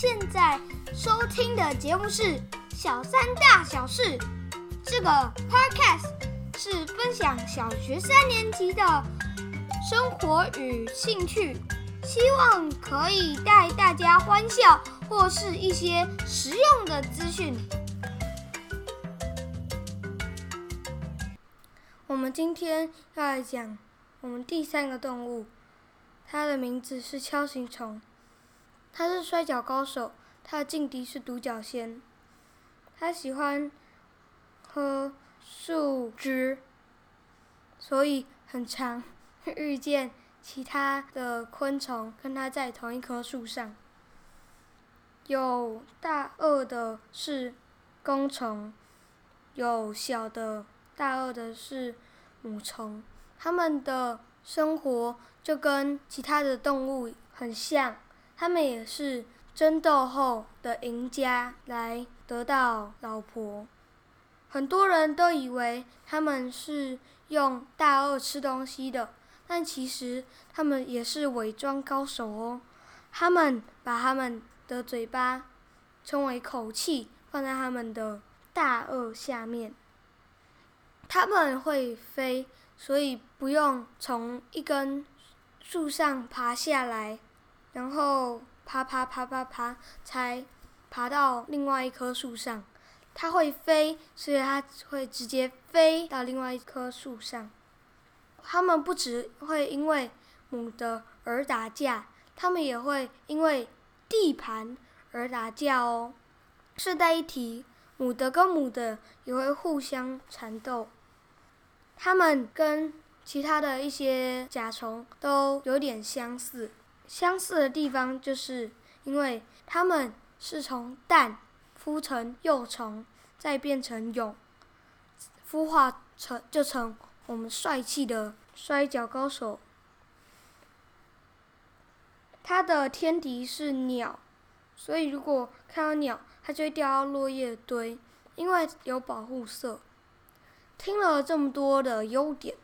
現在收聽的節目是《小三大小事》，這個 podcast 是分享小學三年級的生活與興趣，希望可以帶大家歡笑或是一些實用的資訊。我們今天要來講我們第三個動物，它的名字是鍬形蟲。他是摔跤高手，他的勁敵是獨角仙。他喜歡喝樹汁，所以很常遇見其他的昆蟲跟他在同一棵樹上。有大顎的是公蟲，有小的，大顎的是母蟲。他們的生活就跟其他的動物很像。他們也是爭鬥後的贏家來得到老婆。很多人都以為他們是用大顎吃東西的，但其實他們也是偽裝高手哦。他們把他們的嘴巴稱為“口器”，放在他們的大顎下面。他們會飛，所以不用從一根樹上爬下來。然後爬，爬爬爬爬爬，才爬到另外一棵樹上。它會飛，所以它會直接飛到另外一棵樹上。它們不只會因為母的而打架，它們也會因為地盤而打架哦。順帶一提，母的跟母的也會互相纏鬥。它們跟其他的一些甲蟲都有點相似。相似的地方就是，因為它們是從蛋孵成幼蟲，再變成蛹，孵化成就成我們帥氣的摔跤高手。它的天敵是鳥，所以如果看到鳥，它就會掉到落葉堆，因為有保護色。聽了這麼多的優點，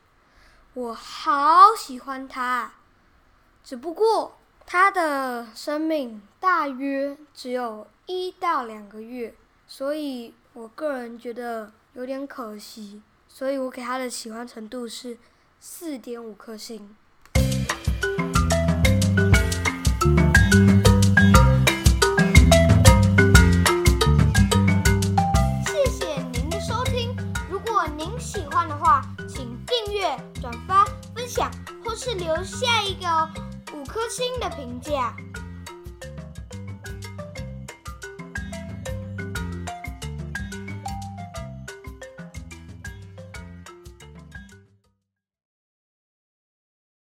我好喜歡它。只不過它的生命大約只有一到兩個月，所以我個人覺得有點可惜，所以我給它的喜歡程度是四點五顆星。謝謝您的收聽，如果您喜歡的話，請訂閱、轉發、分享，或是留下一個。鍬形的評價。